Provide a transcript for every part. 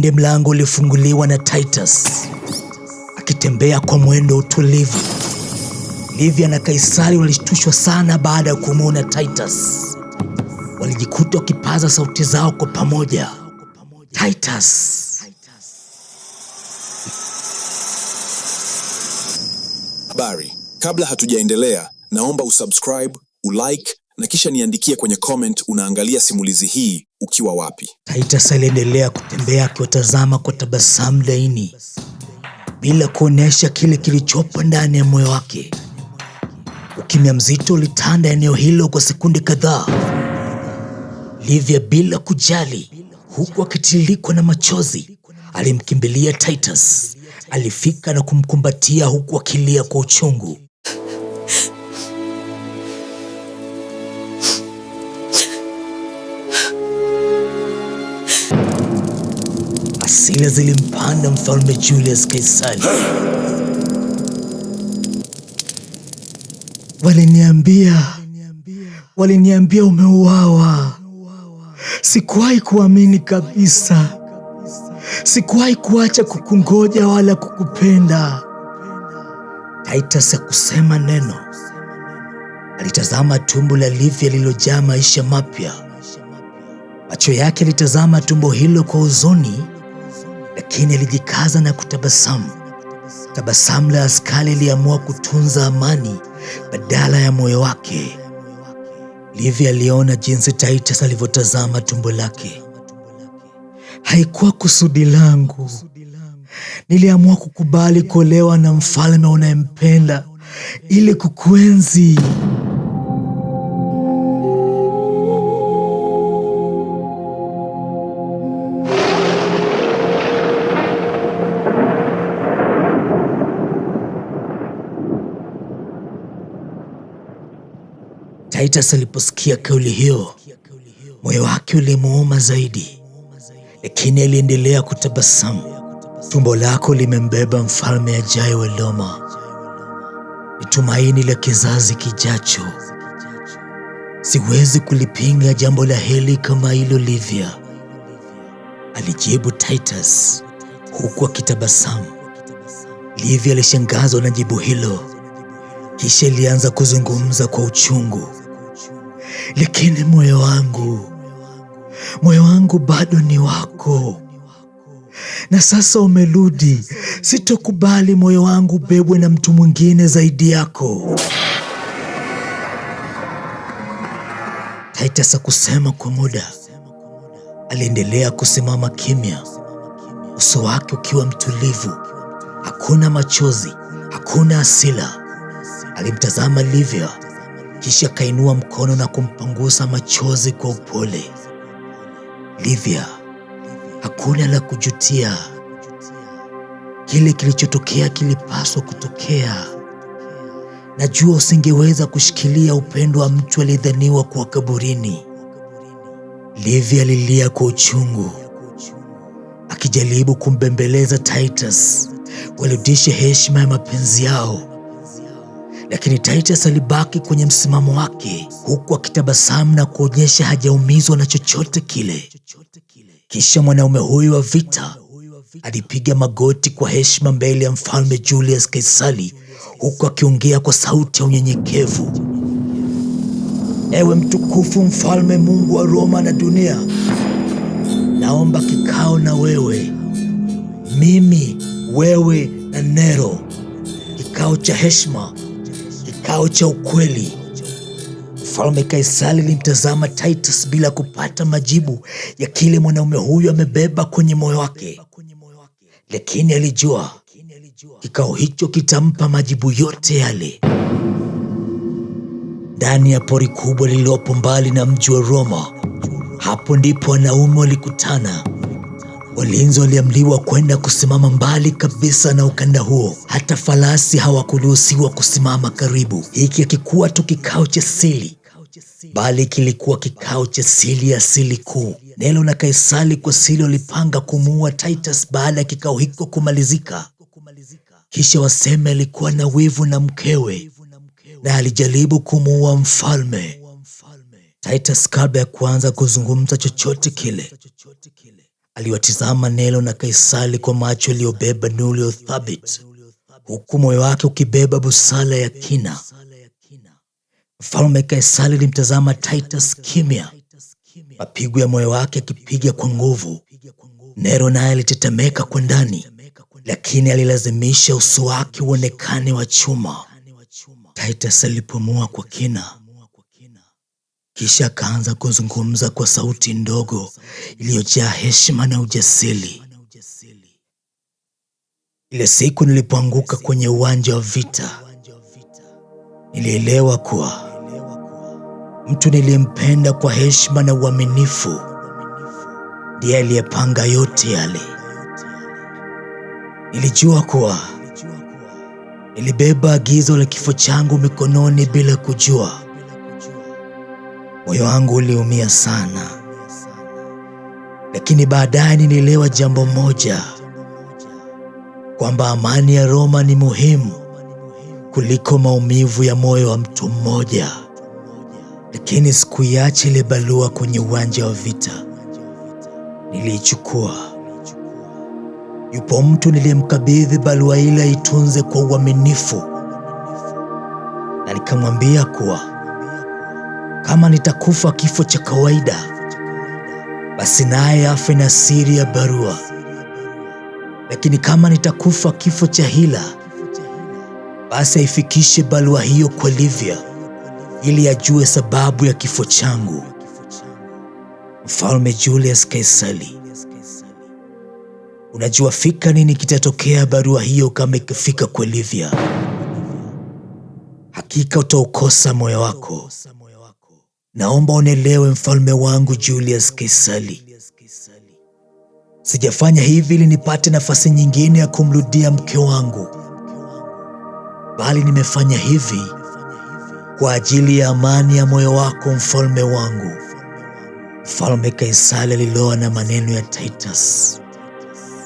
Punde mlango ulifunguliwa na Titus akitembea kwa mwendo utulivu. Livia na Kaisari walishtushwa sana baada ya kumwona Titus. Walijikuta wakipaza sauti zao kwa pamoja, Titus! Habari. Kabla hatujaendelea, naomba usubscribe, ulike na kisha niandikie kwenye comment unaangalia simulizi hii ukiwa wapi. Titus aliendelea kutembea akiwatazama kwa tabasamu laini bila kuonyesha kile kilichopo ndani ya moyo wake. Ukimya mzito ulitanda eneo hilo kwa sekunde kadhaa. Livya, bila kujali, huku akitiririkwa na machozi, alimkimbilia Titus. Alifika na kumkumbatia huku akilia kwa uchungu. hasira zilimpanda mfalme Julius Kaisari. Waliniambia, waliniambia umeuawa. Sikuwahi kuamini kabisa, sikuwahi kuacha kukungoja wala kukupenda. Titus hakusema neno, alitazama tumbo la Livia lililojaa maisha mapya. Macho yake alitazama tumbo hilo kwa huzuni lakini alijikaza na kutabasamu. Tabasamu la askari liliamua kutunza amani badala ya moyo wake. Livi aliona jinsi Titus alivyotazama tumbo lake. Haikuwa kusudi langu, niliamua kukubali kuolewa na mfalme unayempenda ili kukuenzi. Titus aliposikia kauli hiyo, moyo wake ulimuuma zaidi, lakini aliendelea kutabasamu. Tumbo lako limembeba mfalme ajaye wa Roma, ni tumaini la kizazi kijacho. Siwezi kulipinga jambo la heli kama hilo livya, alijibu Titus huku akitabasamu. Livya alishangazwa na jibu hilo, kisha ilianza kuzungumza kwa uchungu lakini moyo wangu, moyo wangu bado ni wako, na sasa umerudi. Sitokubali moyo wangu bebwe na mtu mwingine zaidi yako. Titus kusema kwa muda, aliendelea kusimama kimya, uso wake ukiwa mtulivu. Hakuna machozi, hakuna hasira. Alimtazama Livia kisha kainua mkono na kumpangusa machozi kwa upole. Livia hakuna la kujutia, kile kilichotokea kilipaswa kutokea. Najua usingeweza kushikilia upendo wa mtu aliyedhaniwa kuwa kaburini. Livia alilia kwa uchungu, akijaribu kumbembeleza Titus warudishe heshima ya mapenzi yao lakini Titus alibaki kwenye msimamo wake huku akitabasamu na kuonyesha hajaumizwa na chochote kile. Kisha mwanaume huyu wa vita alipiga magoti kwa heshima mbele ya mfalme Julius Kaisari, huku akiongea kwa sauti ya unyenyekevu: ewe mtukufu mfalme, Mungu wa Roma na dunia, naomba kikao na wewe, mimi, wewe na Nero, kikao cha heshima kikao cha ukweli. Mfalme Kaisari alimtazama Titus bila kupata majibu ya kile mwanaume huyo amebeba kwenye moyo wake, lakini alijua kikao hicho kitampa majibu yote yale. Ndani ya pori kubwa lililopo mbali na mji wa Roma, hapo ndipo wanaume walikutana Walinzi waliamliwa kwenda kusimama mbali kabisa na ukanda huo. Hata farasi hawakuruhusiwa kusimama karibu. Hiki hakikuwa tu kikao cha siri, bali kilikuwa kikao cha siri ya siri kuu. Nero na Kaisari kwa siri walipanga kumuua Titus baada ya kikao hiko kumalizika. Kisha waseme alikuwa na wivu na mkewe na alijaribu kumuua mfalme Titus kabla ya kuanza kuzungumza chochote kile aliwatizama Nero na Kaisari kwa macho yaliyobeba nuru thabiti, huku moyo wake ukibeba busara ya kina. Mfalme kaisali alimtazama Titus kimya, mapigo ya moyo wake akipiga kwa nguvu. Nero naye alitetemeka kwa ndani, lakini alilazimisha uso wake uonekane wa chuma. Titus alipumua kwa kina, kisha akaanza kuzungumza kwa sauti ndogo iliyojaa heshima na ujasiri. Ile siku nilipoanguka kwenye uwanja wa vita, nilielewa kuwa mtu niliyempenda kwa heshima na uaminifu ndiye aliyepanga yote yale. Nilijua kuwa nilibeba agizo la kifo changu mikononi bila kujua Moyo wangu uliumia sana, lakini baadaye nilielewa jambo moja, kwamba amani ya Roma ni muhimu kuliko maumivu ya moyo wa mtu mmoja. Lakini sikuiacha ile barua kwenye uwanja wa vita, niliichukua. Yupo mtu niliyemkabidhi barua ile aitunze kwa uaminifu, na nikamwambia kuwa kama nitakufa kifo cha kawaida, basi naye afe na siri ya barua. Lakini kama nitakufa kifo cha hila, basi aifikishe barua hiyo kwa Livia ili ajue sababu ya kifo changu. Mfalme Julius kaisali Unajua fika nini kitatokea barua hiyo kama ikifika kwa Livia. Hakika utaukosa moyo wako. Naomba onelewe mfalme wangu Julius Kisali. Sijafanya hivi ili nipate nafasi nyingine ya kumrudia mke wangu, bali nimefanya hivi kwa ajili ya amani ya moyo wako, mfalme wangu. Mfalme Kaisari aliloa na maneno ya Titus,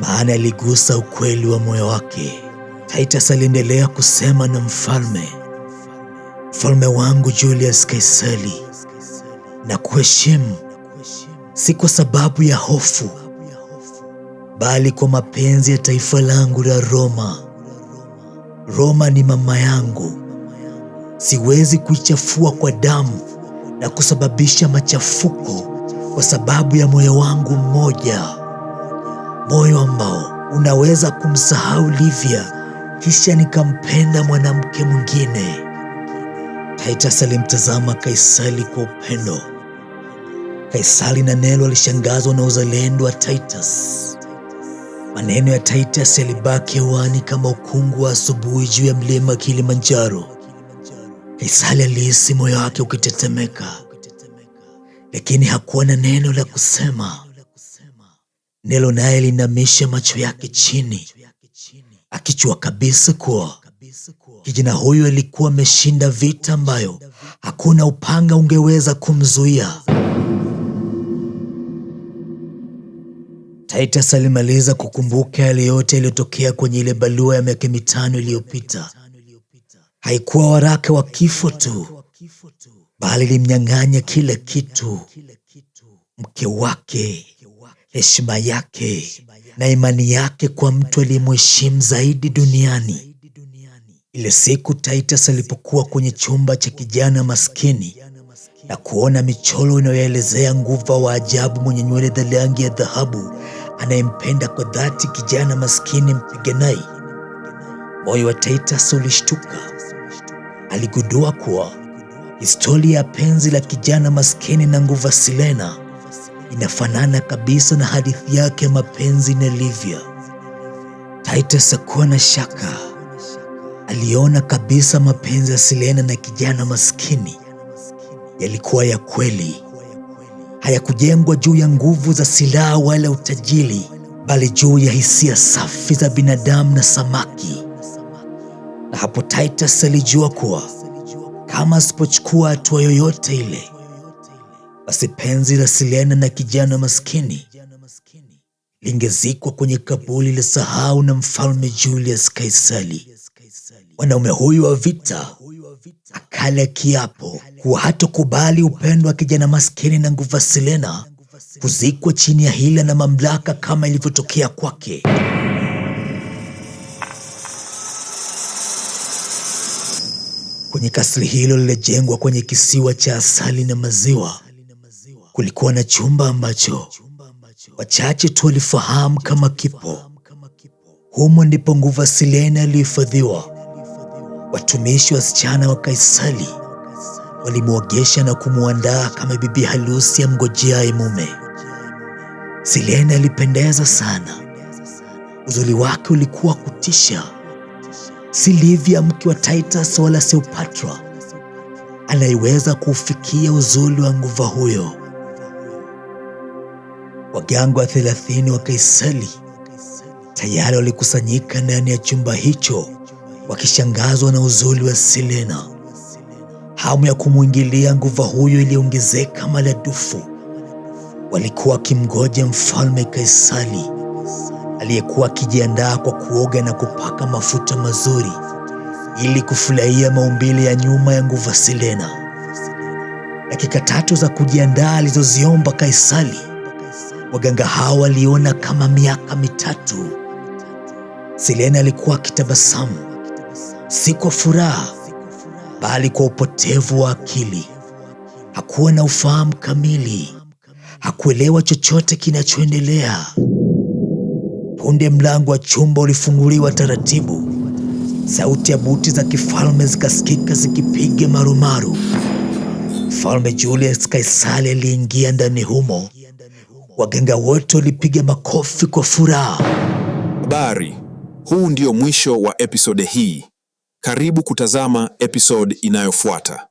maana aligusa ukweli wa moyo wake. Titus aliendelea kusema na mfalme, mfalme wangu Julius Kaisari na kuheshimu, si kwa sababu ya hofu, bali kwa mapenzi ya taifa langu la Roma. Roma ni mama yangu, siwezi kuichafua kwa damu na kusababisha machafuko kwa sababu ya moyo wangu mmoja, moyo ambao unaweza kumsahau Livia kisha nikampenda mwanamke mwingine. Titus alimtazama kaisali kwa upendo. Kaisari na Nero alishangazwa na uzalendo wa Titus. Maneno ya Titus yalibaki hewani kama ukungu wa asubuhi juu ya mlima Kilimanjaro. Kaisari alihisi moyo wake ukitetemeka, lakini hakuwa na neno la kusema. Nero naye alinamisha macho yake chini, akijua kabisa kuwa kijana huyo alikuwa ameshinda vita ambayo hakuna upanga ungeweza kumzuia. Titus alimaliza kukumbuka yale yote yaliyotokea kwenye ile barua ya miaka mitano iliyopita. Haikuwa waraka wa kifo tu, bali ilimnyang'anya kila kitu: mke wake, heshima yake na imani yake kwa mtu aliyemheshimu zaidi duniani. Ile siku Titus alipokuwa kwenye chumba cha kijana maskini na kuona michoro inayoelezea nguva wa ajabu mwenye nywele za rangi ya dhahabu anayempenda kwa dhati kijana maskini mpiganai Moyo wa Titus ulishtuka. Aligundua kuwa historia ya penzi la kijana maskini na nguva Silena inafanana kabisa na hadithi yake ya mapenzi na Livia. Titus hakuwa na shaka, aliona kabisa mapenzi ya Silena na kijana maskini yalikuwa ya kweli hayakujengwa juu ya nguvu za silaha wala utajiri, bali juu ya hisia safi za binadamu na samaki. Na hapo Titus alijua kuwa kama asipochukua hatua yoyote ile, basi penzi la Silena na kijana maskini lingezikwa kwenye kaburi la sahau na mfalme Julius Kaisali. Mwanaume huyu wa vita kale kiapo kuwa hatokubali upendo wa kijana maskini na nguva Selena kuzikwa chini ya hila na mamlaka kama ilivyotokea kwake. Kwenye kasri hilo lilijengwa kwenye kisiwa cha asali na maziwa, kulikuwa na chumba ambacho wachache tu walifahamu kama kipo. Humo ndipo nguva Selena iliyohifadhiwa Watumishi wasichana wa kaisali walimwogesha na kumwandaa kama bibi harusi amngojeaye mume. silene alipendeza sana, uzuri wake ulikuwa kutisha, si Livia mke wa Titus wala Cleopatra anayeweza kuufikia uzuri wa nguva huyo. Waganga wa thelathini wa kaisali tayari walikusanyika ndani ya chumba hicho wakishangazwa na uzuri wa Selena. Hamu ya kumwingilia nguva huyo iliongezeka maradufu. Walikuwa wakimgoja mfalme Kaisari aliyekuwa akijiandaa kwa kuoga na kupaka mafuta mazuri ili kufurahia maumbile ya nyuma ya nguva Selena. Dakika tatu za kujiandaa alizoziomba Kaisari, waganga hao waliona kama miaka mitatu. Selena alikuwa akitabasamu si kwa furaha, bali kwa upotevu wa akili. Hakuwa na ufahamu kamili, hakuelewa chochote kinachoendelea. Punde mlango wa chumba ulifunguliwa taratibu. Sauti ya buti za kifalme zikasikika zikipiga marumaru. Mfalme Julius Kaisari aliingia ndani humo. Waganga wote walipiga makofi kwa furaha. Habari, huu ndio mwisho wa episode hii. Karibu kutazama episode inayofuata.